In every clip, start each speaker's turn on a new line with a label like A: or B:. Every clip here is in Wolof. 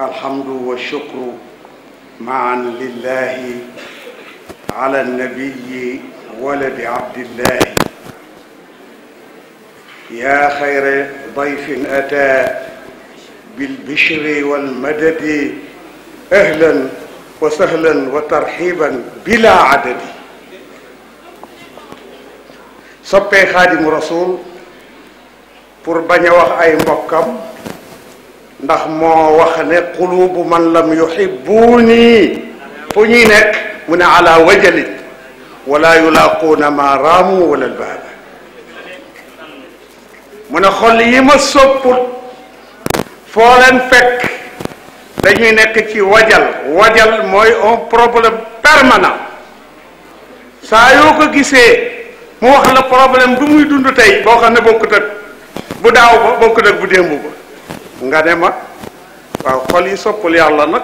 A: alhamdu wa shukru maan lillahi ala nabiyi waladi abdillahi yaa xayra dayfin ataa bilbishri walmadadi ahlan wa sahlan wa tarxiban bila adadi soppee xaadimu rasul pour bañ a wax ay mbokkam ndax moo wax ne qulubu man lam yuhibbuni fu ñuy nekk mu ne ala wajali wala yulaaquuna ma raamu wala albaaba mu ne xol yi ma soppul foo leen fekk dañuy nekk ci wajal wajal mooy un problème permanent saa yoo ko gisee mu wax la problème bi muy dund tey boo xam ne bokkut ak bu daaw ba bokkut bu démb ba nga ne ma waaw xol yi soppul yàlla nag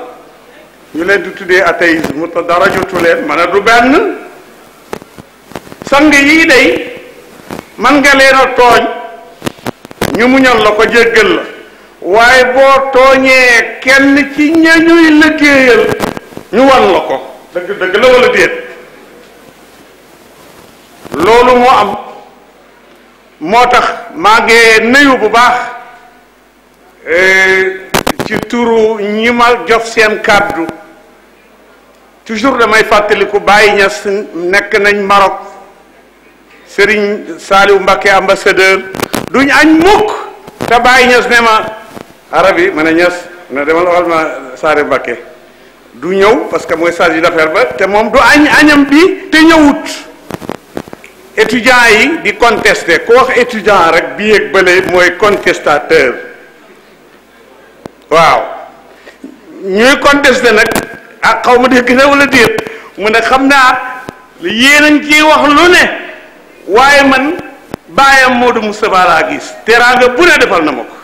A: ñu leen di tuddee athéisme te dara jotu leen ma ne du benn sang yii day man nga leen a tooñ ñu muñal la ko jéggal la waaye boo tooñee kenn ci ñañuy liggéeyal ñu wan la ko dëgg dëgg la wala déet loolu moo am moo tax maa ngi nuyu bu baax Euh, ci turu ñi ma jox seen kàddu toujours damay fàttaliku bàyyi Niass nekk nañ Maroc Serigne Saliou Mbacké ambassadeur duñ añ mukk te bàyyi Niass ne arab yi mën ne Niass na demal waxal ma Saare Mbacké du ñëw parce que mooy chargé d'affaires ba te moom du añ añam bi te ñëwut étudiants yi di contester ku wax étudiant rek bi yëg bële mooy contestateur waaw ñuy contesté nag ah xaw ma dégg na wala déet mu ne xam naa yéenañ ciy wax lu ne waaye man bàyyam Modou Moustapha laa gis teraanga bu ne defal na ma ko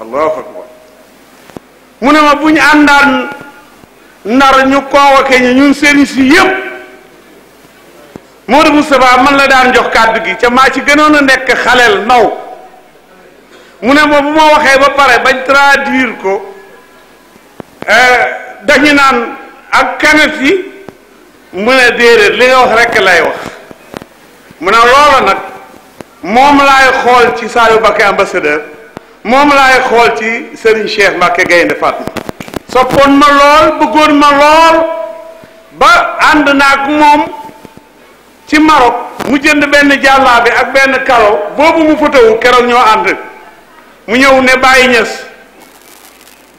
A: allahu akbar mu ne ma bu ñu àndaan ndar ñu convoqué ñu ñun sëriñ si yëpp Modou Moustapha man la daan jox kàddu gi ca maa ci gënoon a nekk xaleel ndaw mu ne ma bu ma waxee ba pare bañ traduire ko euh, dañu naan ak kanet yi mu ne déedéet li nga wax rekk lay wax mu ne loola nag moom laay xool ci Saliou Mbacké ambassadeur moom laay xool ci Serigne Cheikh Mbacké Gaynde Fatma soppoon ma lool bëggoon ma lool ba ànd naag moom ci Maroc mu jënd benn jàllaa ak benn kalo boobu mu fotowu keroog ñoo ànd mu ñëw ne Baye Niass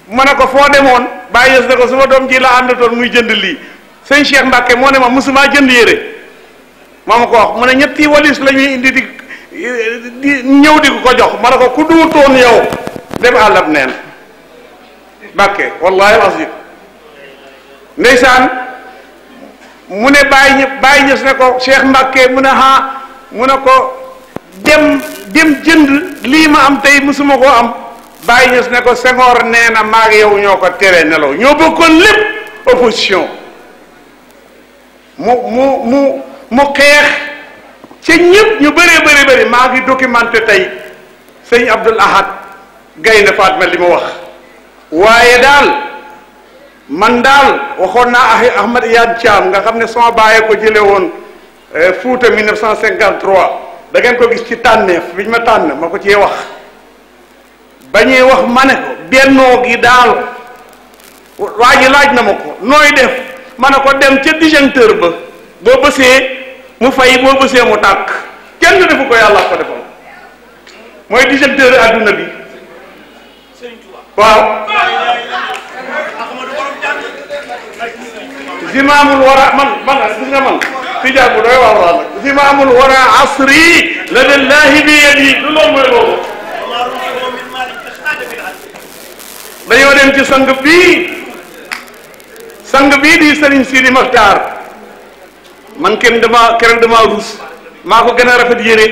A: ma ne ko foo demoon Baye Niass ne ko suma doom ji la àndatoon muy jënd lii sëñ Cheikh Mbacke moo ne ma mosumaa jënd yére maa ma ko wax mu ne ñetti walis la indi di di ñëw di ko jox ma ne ko ku duutoon yow dem àllab neen Mbacke wallahi azim ndeysaan mu ne bàyyi Niass Baye Niass ne ko Cheikh Mbacke mu ne ha mu ne ko. dem dem jënd lii ma am tey musuma ko am bàyyi ñës ne ko Senghor nee na maa ngi yow ñoo ko tere nelaw ñoo bokkoon lépp opposition mu mu mu mu xeex ca ñëpp ñu bëree bëri bëri maa ngi documenté tey sëñ Abdoul Ahad Gaynde Fatma li mu wax waaye daal man daal waxoon naa ah Ahmad Iyad Thiam nga xam ne sama bàyyee ko jële woon eh, Fouta 1953 da ngeen ko gis ci tànneef bi ma tànn ma ko cee wax ba ñuy wax ma ne ko bennoo gi daal waa ji laaj na ma ko nooy def ma ne ko dem ca disjoncteur ba boo bësee mu fay boo bësee mu tàkk kenn defu ko yàlla ko defal mooy disjoncteur adduna bi waaw zimaamul wara man man gis nga man tijaan bu doy waar la nag zimaamul wara asri la lillahi bi yadi lu loolu mooy loolu dañoo dem ci sang bii sang bii di Serigne Sidi Maxtaar man kenn dama kenn dama ruus maa ko gën a rafet yére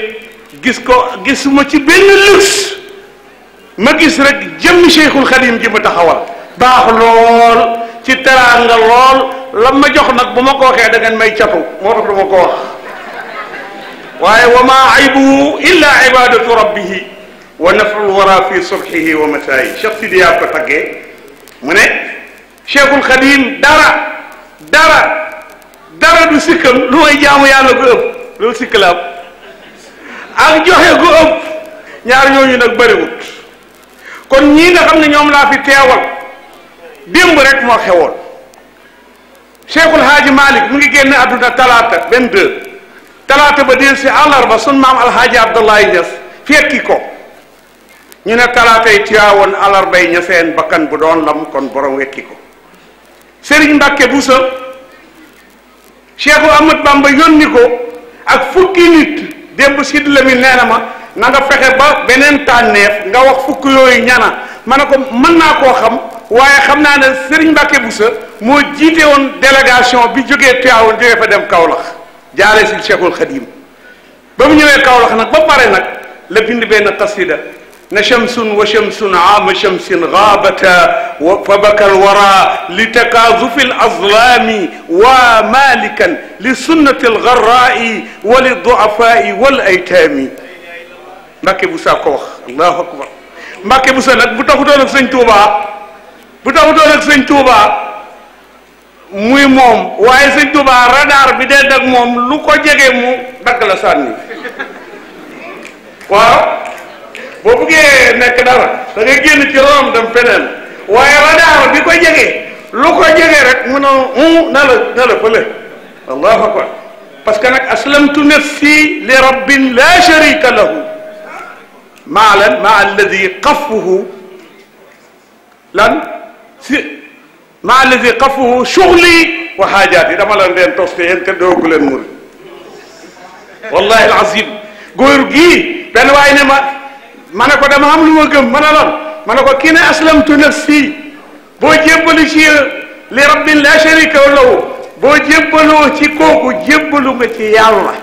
A: gis ko gisuma ci benn luxe ma gis rek jëmmi Cheikhul Xadim ji ma taxawal baax lool ci teraanga lool lam ma jox nag bu ma may catu moo tax du waaye wa ma aybuhu illa ibadatu rabbihi wa nafrul wara fi subhihi wa mataayi Cheikh Sidi taggee mu ne Cheikhul Xadim dara dara dara du sikkam lu may jaamu yàlla nag bëriwut kon ñii nga xam ne ñoom laa fi teewal démb rek moo xewoon Cheikhul Haaji Malick mu ngi génne àdduna talaata benn deux talaata ba deel si àllarba sun maam alhaaji Abdoulaye Niass fekki ko ñu ne talaata yi Tiwaawoon àllarbay ñaseen bakkan bu doon lam kon borom wekki ko Serigne bu Bousso Cheikhu Ahmad Bamba yónni ko ak fukki nit démb Sid Lamine nee na ma na fexe ba beneen tànneef nga wax fukki yooyu ñana ma ne ko mën naa koo xam waaye xam naa ne Serigne Mbacke Bousso moo jiite woon délégation bi jógee Tivaouane jógee fa dem Kaolack jaaree si Cheikhul Khadim ba mu ñëwee Kaolack nag ba pare nag la bind benn qasida ne shamsun wa shamsun aama shamsin gaabata wa fabaka alwara li takaazufi alazlaami wa malikan li sunnati algarraai wa li duafaai wal aytaami Mbàkke Busa ko wax allahu akbar Mbàkke Busa nag bu taxutoon ak sëñ Tuubaa bu taxutoon ak sëñ Tuubaa muy moom waaye sëñ Tuubaa radar bi dee dag moom lu ko jege mu dagg la sànni waaw boo buggee nekk dara da ngay génn ci rom waaye radar bi ko jege lu ko jege rek mu na la na la fële allahu akbar parce que nag aslamtu nafsi li rabbin la sharika lahu maa lan maa alladi qafuhu lan si maa alladi xafuhu shughli wa xaajaati dama leen leen tos te yéen kat doogu leen murid wallahi alazim góor gii benn waay ne ma ma ne ko dama am lu ma gëm ma ne lan ma ne ko kii ne aslamtu nafsi boo jébbalu ci li rabbin la sharika lahu boo jébbaloo ci kooku jébbalu nga ci yàlla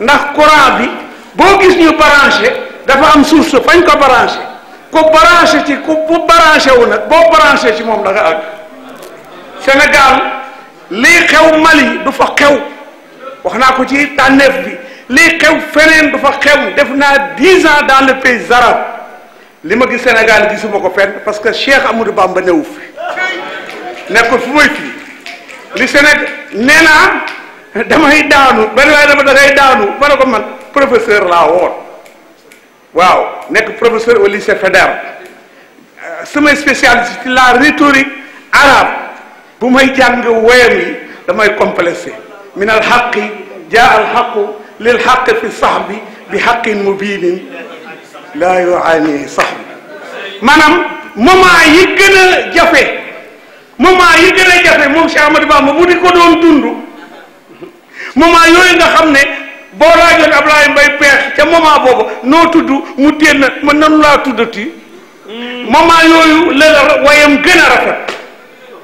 A: ndax courant bi boo gis ñu branché dafa am source fañ ko branché ku branché ci ku bu branché wu nag boo branché ci moom da nga àgg Sénégal lii xew Mali du fa xew wax naa ko ci tànneef bi lii xew feneen du fa xew def naa dix ans dans le pays arabe li ma gis Sénégal gisuma ko fenn parce que Cheikh Amadou Bamba newu fi nekkul fu muy fii li Sénégal nee naa damay daanu benn waaye dama dangay daanu ma ne ko man professeur laa woon waaw nekk professeur au lycée Faidherbe euh, samay spécialiste ci la rhétorique arabe bu may jàng woyam yi damay complexé min al xaqi jaa al xaqu lil xaqi fi sahbi bi xaqin mubinin laa yuaani sahbi maanaam moment yi gën a jafe moment yi gën a jafe moom Cheikh Ahmadou Bamba bu di ko doon dund moment yooyu nga xam ne boo laajoon Ablaye Mbaye peex ca moment boobu noo tudd mu téen na ma nanu laa tuddati mm. moment yooyu la la gën a rafet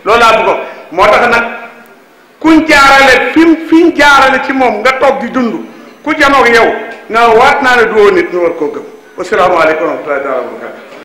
A: loolu laa bëgg moo tax nag kuñ jaarale fi fi ñu jaarale ci moom nga toog di dund ku janoog yow nga waat naa ne du nit ñu war koo gëm wasalaamaaleykum wa rahmatullahi taala wa barakatu